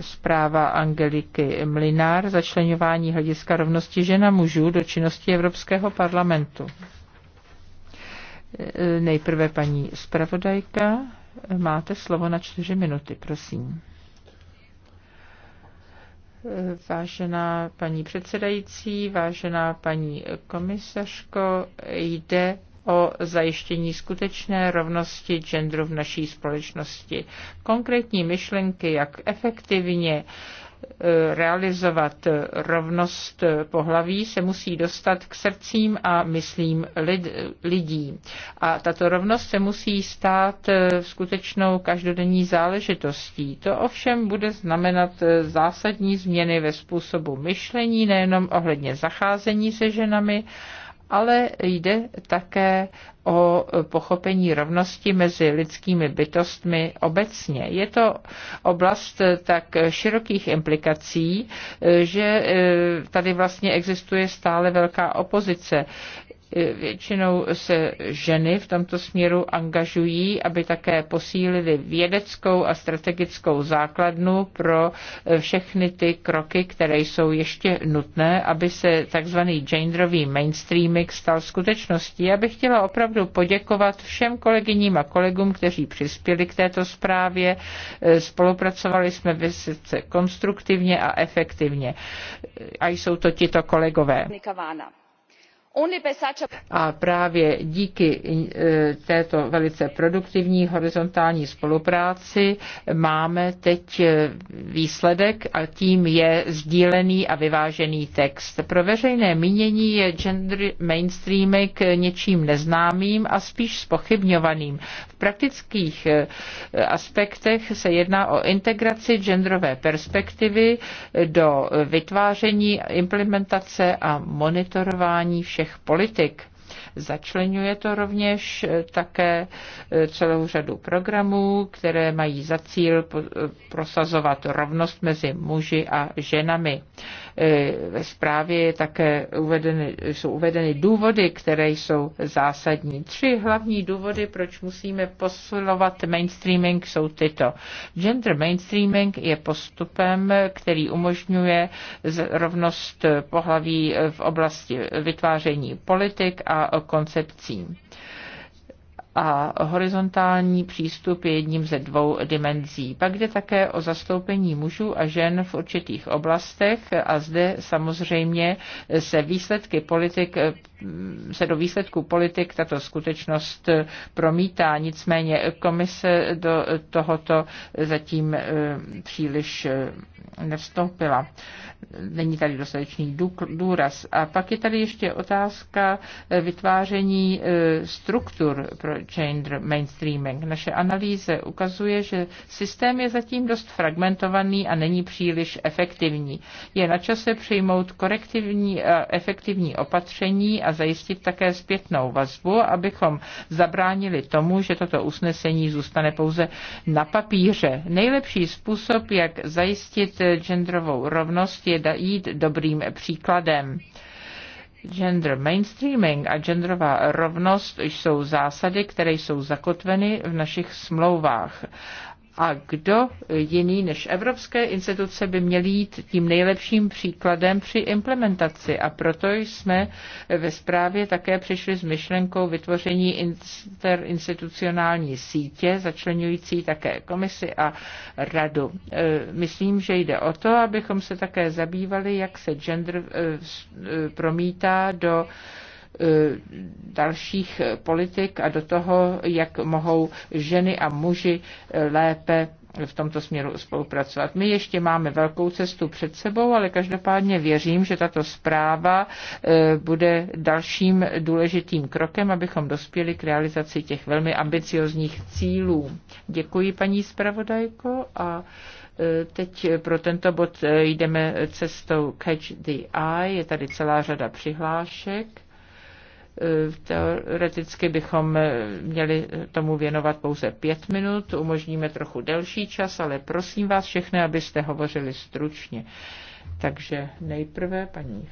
zpráva Angeliky Mlinár, začlenování hlediska rovnosti žena mužů do činnosti Evropského parlamentu. Nejprve paní zpravodajka, máte slovo na čtyři minuty, prosím. Vážená paní předsedající, vážená paní komisařko, jde o zajištění skutečné rovnosti genderu v naší společnosti. Konkrétní myšlenky, jak efektivně e, realizovat rovnost pohlaví, se musí dostat k srdcím a myslím lid, lidí. A tato rovnost se musí stát e, skutečnou každodenní záležitostí. To ovšem bude znamenat e, zásadní změny ve způsobu myšlení, nejenom ohledně zacházení se ženami, ale jde také o pochopení rovnosti mezi lidskými bytostmi obecně. Je to oblast tak širokých implikací, že eh, tady vlastně existuje stále velká opozice. Většinou se ženy v tomto směru angažují, aby také posílili vědeckou a strategickou základnu pro eh, všechny ty kroky, které jsou ještě nutné, aby se takzvaný genderový mainstreaming stal skutečností. Já bych chtěla opravdu poděkovat všem kolegyním a kolegům, kteří přispěli k této zprávě. Eh, spolupracovali jsme vysoce konstruktivně a efektivně. Eh, a jsou to tito kolegové. Nikavána. A právě díky e, této velice produktivní horizontální spolupráci máme teď e, výsledek a tím je sdílený a vyvážený text. Pro veřejné mínění je gender mainstreaming něčím neznámým a spíš spochybňovaným. V praktických e, aspektech se jedná o integraci genderové perspektivy do vytváření, implementace a monitorování všech všech politik. Začlenuje to rovněž eh, také eh, celou řadu programů, které mají za cíl eh, prosazovat rovnost mezi muži a ženami. E, ve zprávě je také uvedeny, jsou uvedeny důvody, které jsou zásadní. Tři hlavní důvody, proč musíme posilovat mainstreaming, jsou tyto. Gender mainstreaming je postupem, který umožňuje rovnost pohlaví v oblasti vytváření politik a koncepcí a horizontální přístup je jedním ze dvou dimenzí. Pak jde také o zastoupení mužů a žen v určitých oblastech a zde samozřejmě se výsledky politik se do výsledků politik tato skutečnost promítá. Nicméně komise do tohoto zatím eh, příliš eh, nevstoupila. Není tady dostatečný důraz. A pak je tady ještě otázka eh, vytváření struktur pro gender mainstreaming. Naše analýze ukazuje, že systém je zatím dost fragmentovaný a není příliš efektivní. Je na čase přijmout korektivní a eh, efektivní opatření a zajistit také zpětnou vazbu, abychom zabránili tomu, že toto usnesení zůstane pouze na papíře. Nejlepší způsob, jak zajistit eh, genderovou rovnost, je jít dobrým příkladem. Gender mainstreaming a genderová rovnost jsou zásady, které jsou zakotveny v našich smlouvách a kdo jiný než evropské instituce by měl jít tím nejlepším příkladem při implementaci? A proto jsme ve zprávě také přišli s myšlenkou vytvoření interinstitucionální sítě, začlenující také komisi a radu. E, myslím, že jde o to, abychom se také zabývali, jak se gender e, e, promítá do E, dalších politik a do toho, jak mohou ženy a muži lépe v tomto směru spolupracovat. My ještě máme velkou cestu před sebou, ale každopádně věřím, že tato zpráva e, bude dalším důležitým krokem, abychom dospěli k realizaci těch velmi ambiciozních cílů. Děkuji, paní zpravodajko, a e, teď pro tento bod jdeme cestou Catch the Eye. Je tady celá řada přihlášek. Teoreticky bychom měli tomu věnovat pouze pět minut, umožníme trochu delší čas, ale prosím vás všechny, abyste hovořili stručně. Takže nejprve paní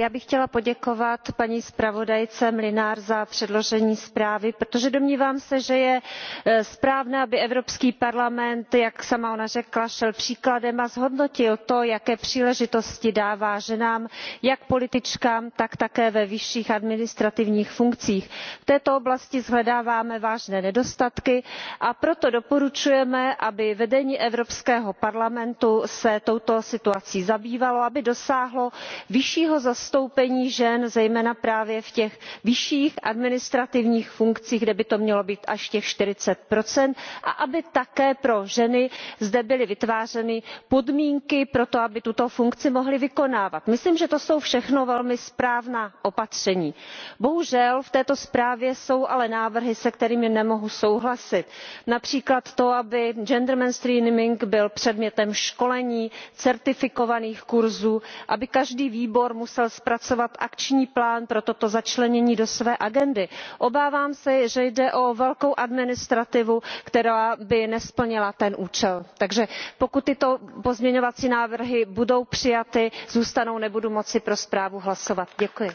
já bych chtěla poděkovat paní zpravodajce mlinarové za předložení zprávy protože domnívám se že je e, správné aby evropský parlament jak sama ona řekla šel příkladem a zhodnotil to jaké příležitosti dává ženám jak političkám tak také ve vyšších administrativních funkcích. v této oblasti shledáváme vážné nedostatky a proto doporučujeme aby vedení evropského parlamentu se touto situací zabývalo aby dosáhlo vyššího zastoupení žen zejména právě v těch vyšších administrativních funkcích kde by to mělo být až těch forty a aby také pro ženy zde byly vytvářeny podmínky pro to aby tuto funkci mohly vykonávat. myslím že to jsou všechno velmi správná opatření. bohužel v této zprávě jsou ale návrhy se kterými nemohu souhlasit například to aby gender mainstreaming byl předmětem školení certifikovaných kurzů aby každý výbor musel zpracovat akční plán pro toto začlenění do své agendy. obávám se že jde o velkou administrativu která by nesplnila ten účel. takže pokud tyto pozměňovací návrhy budou přijaty zůstanou nebudu moci pro zprávu hlasovat. děkuji.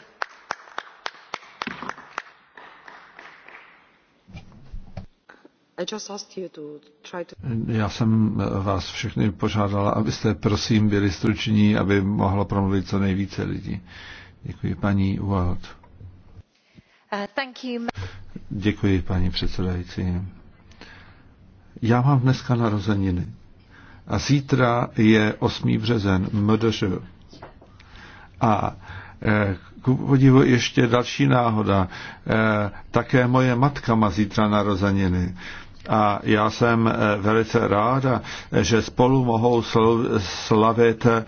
Já jsem vás všechny požádala, abyste prosím byli struční, aby mohlo promluvit co nejvíce lidí. Děkuji paní Wald. Uh, Děkuji paní předsedající. Já mám dneska narozeniny a zítra je 8. březen MDŽ. A eh, k podivu ještě další náhoda. Eh, také moje matka má zítra narozeniny. A já jsem eh, velice ráda, eh, že spolu mohou slavit eh,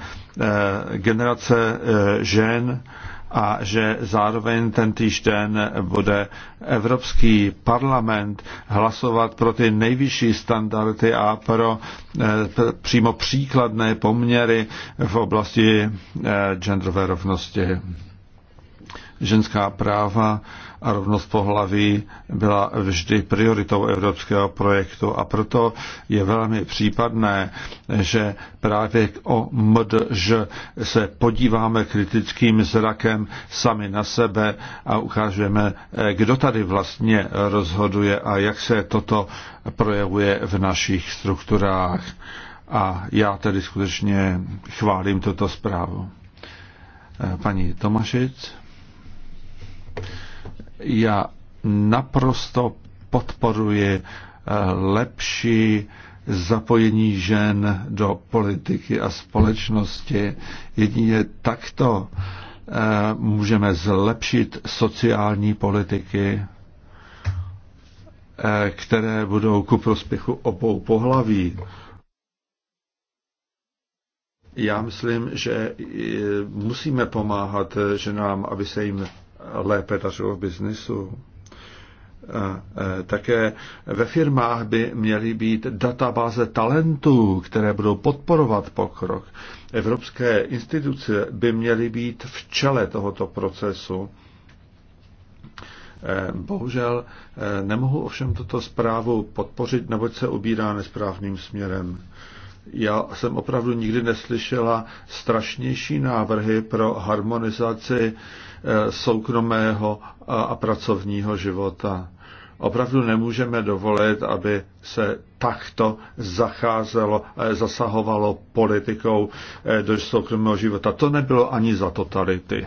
generace žen a že zároveň ten týžden bude Evropský parlament hlasovat pro ty nejvyšší standardy a pro přímo příkladné poměry v oblasti genderové rovnosti ženská práva a rovnost pohlaví byla vždy prioritou evropského projektu a proto je velmi případné, že právě o MDŽ se podíváme kritickým zrakem sami na sebe a ukážeme, kdo tady vlastně rozhoduje a jak se toto projevuje v našich strukturách. A já tedy skutečně chválím tuto zprávu. Paní Tomašic. Já naprosto podporuji eh, lepší zapojení žen do politiky a společnosti. Jedině takto eh, můžeme zlepšit sociální politiky, eh, které budou ku prospěchu obou pohlaví. Já myslím, že musíme pomáhat ženám, aby se jim lépe dařilo biznisu. E, také ve firmách by měly být databáze talentů, které budou podporovat pokrok. Evropské instituce by měly být v čele tohoto procesu. E, bohužel e, nemohu ovšem tuto zprávu podpořit, neboť se ubírá nesprávným směrem já jsem opravdu nikdy neslyšela strašnější návrhy pro harmonizaci eh, soukromého a pracovního života. Opravdu nemůžeme dovolit, aby se takto zacházelo, eh, zasahovalo politikou eh, do soukromého života. To nebylo ani za totality.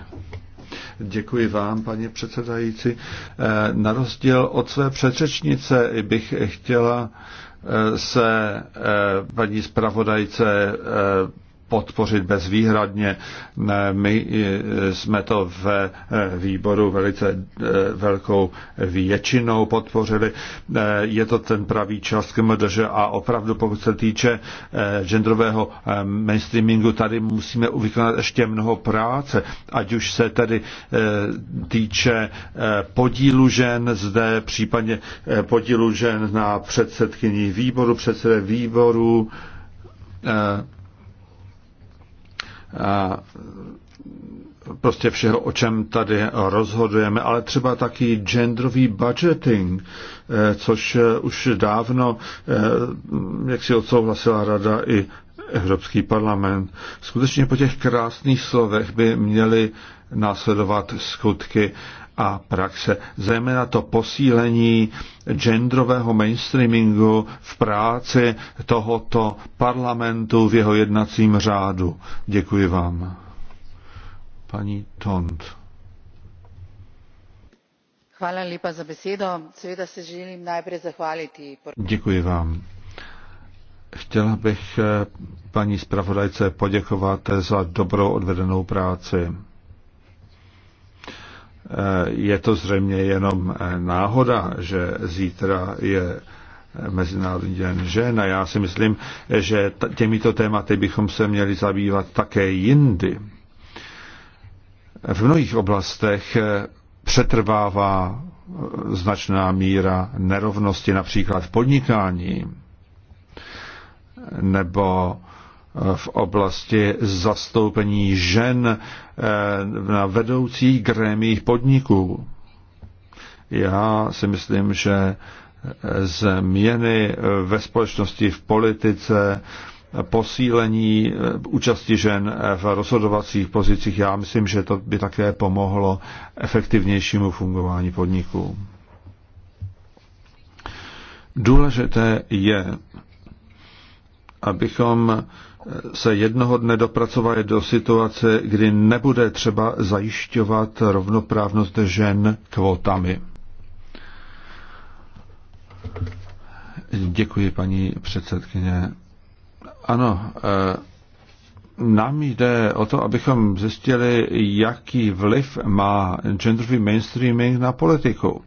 Děkuji vám, paní předsedající. Na rozdíl od své předřečnice bych chtěla se eh, paní zpravodajce eh, podpořit bezvýhradně. My eh, jsme to v eh, výboru velice eh, velkou většinou podpořili. Je to ten pravý čas k MDŽ a opravdu pokud se týče genderového mainstreamingu, tady musíme vykonat ještě mnoho práce, ať už se tady týče podílu žen zde, případně podílu žen na předsedkyní výboru, předsede výboru, prostě všeho, o čem tady rozhodujeme, ale třeba taky genderový budgeting, eh, což eh, už dávno, eh, jak si odsouhlasila rada i Evropský parlament. Skutečně po těch krásných slovech by měly následovat skutky a praxe, zejména to posílení genderového mainstreamingu v práci tohoto parlamentu v jeho jednacím řádu. Děkuji vám. Paní Tont. Hvala lepa za besedo. Seveda se želim najprej zahvaliti. Děkuji vám. Chtěla bych eh, paní zpravodajce poděkovat eh, za dobrou odvedenou práci Eh, je to zřejmě jenom eh, náhoda, že zítra je eh, Mezinárodní den žen a já si myslím, že těmito tématy bychom se měli zabývat také jindy. V mnohých oblastech přetrvává značná míra nerovnosti, například v podnikání nebo v oblasti zastoupení žen eh, na vedoucích grémích podniků. Já si myslím, že eh, změny eh, ve společnosti, v politice, posílení účasti žen v rozhodovacích pozicích, já myslím, že to by také pomohlo efektivnějšímu fungování podniků. Důležité je, abychom se jednoho dne dopracovali do situace, kdy nebude třeba zajišťovat rovnoprávnost žen kvotami. Děkuji, paní předsedkyně. Ano, eh, nám jde o to, abychom zjistili, jaký vliv má genderový mainstreaming na politiku.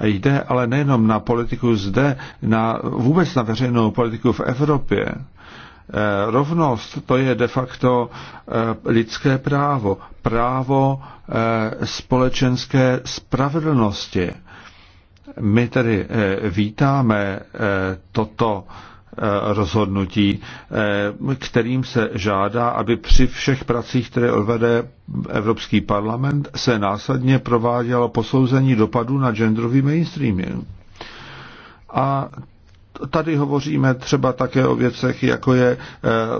Jde ale nejenom na politiku zde, na, vůbec na veřejnou politiku v Evropě. Eh, rovnost to je de facto eh, lidské právo, právo eh, společenské spravedlnosti. My tedy vítáme toto rozhodnutí, kterým se žádá, aby při všech pracích, které odvede Evropský parlament, se následně provádělo posouzení dopadu na genderový mainstreaming. A tady hovoříme třeba také o věcech, jako je eh,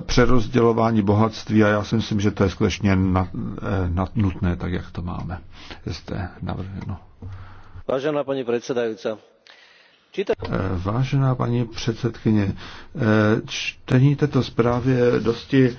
přerozdělování bohatství a já si myslím, že to je skutečně nad, eh, nad, nutné, tak jak to máme. Jste navrženo. Vážená paní předsedající, Eh, vážená paní předsedkyně, eh, čtení této zprávy je dosti eh,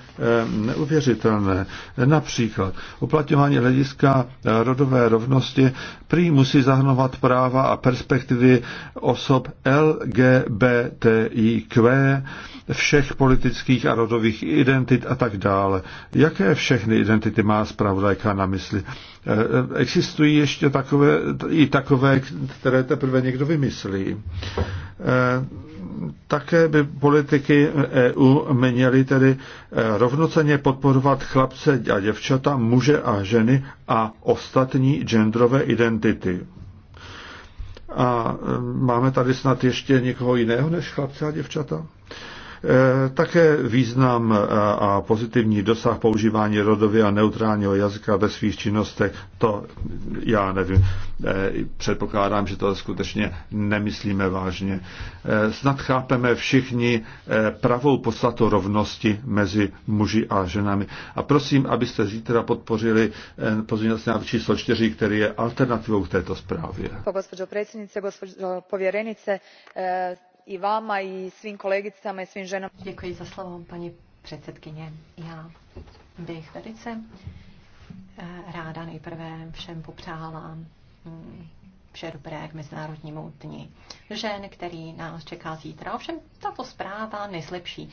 neuvěřitelné. Například uplatňování hlediska rodové rovnosti prý musí zahrnovat práva a perspektivy osob LGBTIQ, všech politických a rodových identit a tak dále. Jaké všechny identity má zpravodajka na mysli? Eh, existují ještě takové, i takové, které teprve někdo vymyslí. Eh, také by politiky EU měly tedy eh, rovnoceně podporovat chlapce a děvčata, muže a ženy a ostatní genderové identity. A máme tady snad ještě někoho jiného než chlapce a děvčata? Eh, také význam eh, a pozitivní dosah používání rodově a neutrálního jazyka ve svých činnostech, to já nevím. Eh, předpokládám, že to skutečně nemyslíme vážně. Snad chápeme všichni pravou podstatu rovnosti mezi muži a ženami. A prosím, abyste zítra podpořili pozměňovací návrh číslo 4, který je alternativou k této zprávě. Pověřenice i vama i svim kolegicama i svim ženama. Děkuji za slovo, paní předsedkyně. Já bych velice eh, ráda nejprve všem popřála mm, vše dobré k Mezinárodnímu dni žen, který nás čeká zítra. Ovšem tato zpráva nezlepší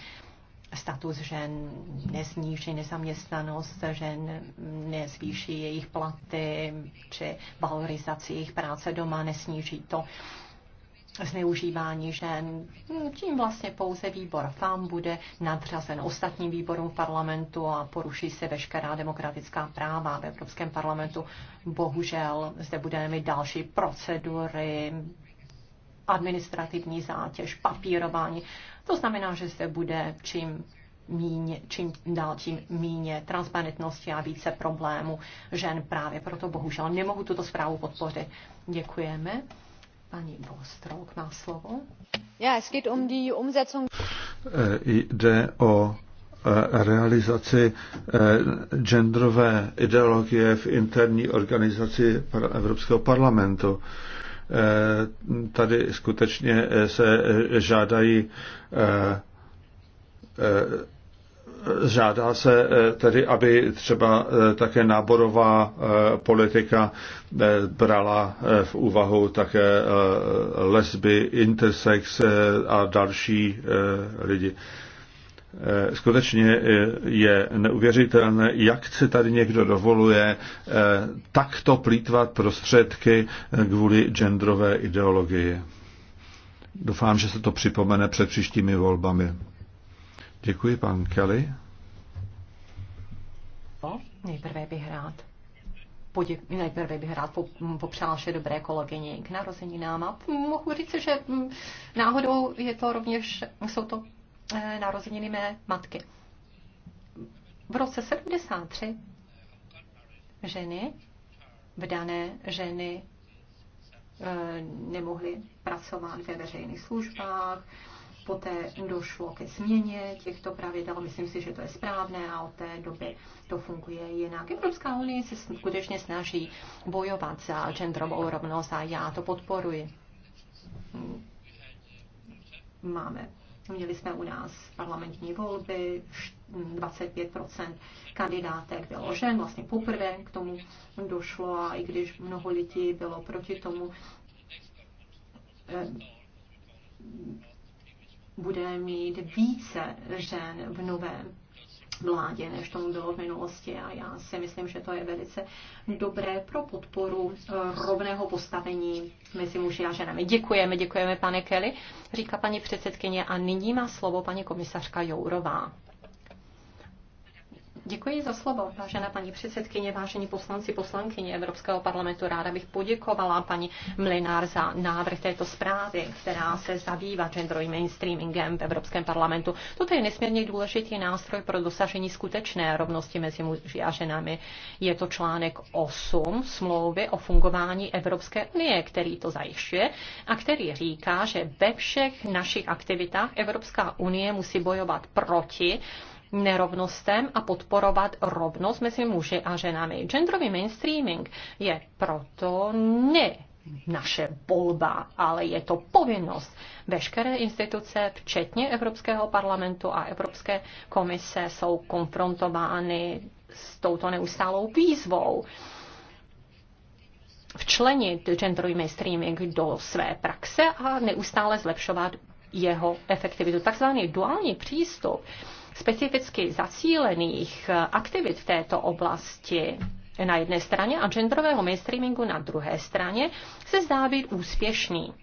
status žen, nesníží nezaměstnanost žen, nezvýší jejich platy či valorizaci jejich práce doma, nesníží to zneužívání žen. Hmm, tím vlastně pouze výbor FAM bude nadřazen ostatním výborům parlamentu a poruší se veškerá demokratická práva v Evropském parlamentu. Bohužel zde budeme mít další procedury, administrativní zátěž, papírování. To znamená, že zde bude čím míň, čím dál tím míně transparentnosti a více problémů žen právě. Proto bohužel nemohu tuto zprávu podpořit. Děkujeme. Paní Bostrok má slovo. Ja, es geht um die Umsetzung. Eh, jde o eh, realizaci eh, genderové ideologie v interní organizaci Evropského parlamentu. Tady skutečně se žádají žádá se eh, tedy, aby třeba eh, také náborová eh, politika brala v úvahu také lesby, intersex a další lidi. Skutečně je neuvěřitelné, jak se tady někdo dovoluje takto plítvat prostředky kvůli genderové ideologii. Doufám, že se to připomene před příštími volbami. Děkuji, pan Kelly. Nejprve bych rád poděk, nejprve bych rád popřál vše dobré kolegyně k narozeninám a mohu říct, že náhodou je to rovněž, jsou to eh, narozeniny mé matky. V roce 73 ženy, vdané ženy, eh, nemohly pracovat ve veřejných službách, Poté došlo ke změně těchto pravidel, myslím si, že to je správné a od té doby to funguje jinak. Evropská unie se skutečně snaží bojovat za genderovou rovnost a já to podporuji. Máme Měli jsme u nás parlamentní volby, 25% kandidátek bylo žen, vlastně poprvé k tomu došlo a i když mnoho lidí bylo proti tomu, eh, bude mít více žen v nové vládě, než tomu bylo v minulosti. A já si myslím, že to je velice dobré pro podporu eh, rovného postavení mezi muži a ženami. Děkujeme, děkujeme, pane Kelly, říká paní předsedkyně. A nyní má slovo paní komisařka Jourová. Děkuji za slovo, vážená paní předsedkyně, vážení poslanci, poslankyně Evropského parlamentu. Ráda bych poděkovala paní Mlinár za návrh této zprávy, která se zabývá genderovým mainstreamingem v Evropském parlamentu. Toto je nesmírně důležitý nástroj pro dosažení skutečné rovnosti mezi muži a ženami. Je to článek 8 smlouvy o fungování Evropské unie, který to zajišťuje a který říká, že ve všech našich aktivitách Evropská unie musí bojovat proti nerovnostem a podporovat rovnost mezi muži a ženami. Genderový mainstreaming je proto ne naše volba, ale je to povinnost. Veškeré instituce, včetně Evropského parlamentu a Evropské komise, jsou konfrontovány s touto neustálou výzvou včlenit genderový mainstreaming do své praxe a neustále zlepšovat jeho efektivitu. Takzvaný duální přístup specificky zacílených eh, aktivit v této oblasti na jedné straně a genderového mainstreamingu na druhé straně se zdá být úspěšný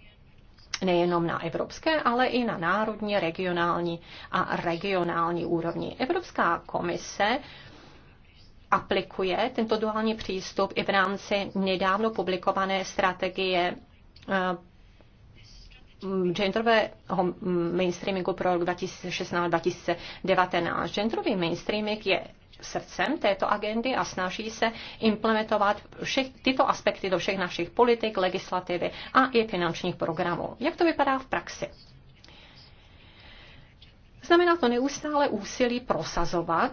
nejenom na evropské, ale i na národní, regionální a regionální úrovni. Evropská komise aplikuje tento duální přístup i v rámci nedávno publikované strategie eh, genderového mainstreamingu pro rok 2016-2019. Genderový mainstreaming je srdcem této agendy a snaží se implementovat všech, tyto aspekty do všech našich politik, legislativy a i finančních programů. Jak to vypadá v praxi? Znamená to neustále úsilí prosazovat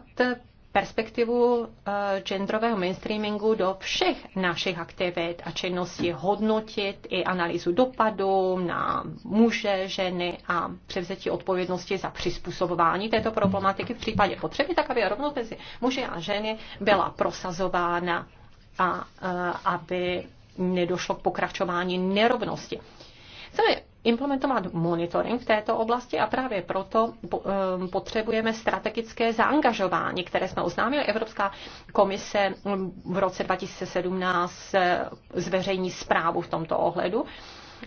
perspektivu eh, genderového mainstreamingu do všech našich aktivit a činností hodnotit i analýzu dopadu na muže, ženy a převzetí odpovědnosti za přizpůsobování této problematiky v případě potřeby, tak aby rovnost mezi muže a ženy byla prosazována a eh, aby nedošlo k pokračování nerovnosti. je implementovat monitoring v této oblasti a právě proto eh, potřebujeme strategické zaangažování, které jsme oznámili. Evropská komise v roce 2017 eh, zveřejní zprávu v tomto ohledu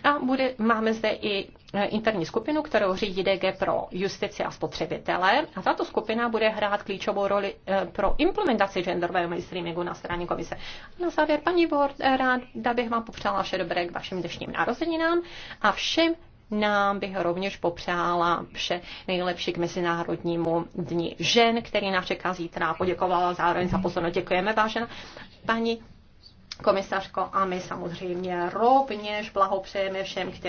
a bude, máme zde i e, interní skupinu, kterou řídí DG pro justici a spotřebitele. A tato skupina bude hrát klíčovou roli e, pro implementaci genderového mainstreamingu na straně komise. Na závěr, paní Ward, e, ráda bych vám popřála vše dobré k vašim dnešním narozeninám a všem nám bych rovněž popřála vše nejlepší k Mezinárodnímu dní žen, který nás čeká zítra. Poděkovala zároveň za pozornost. Děkujeme, vážená paní komisařko, a my samozřejmě rovněž blahopřejeme všem, kteří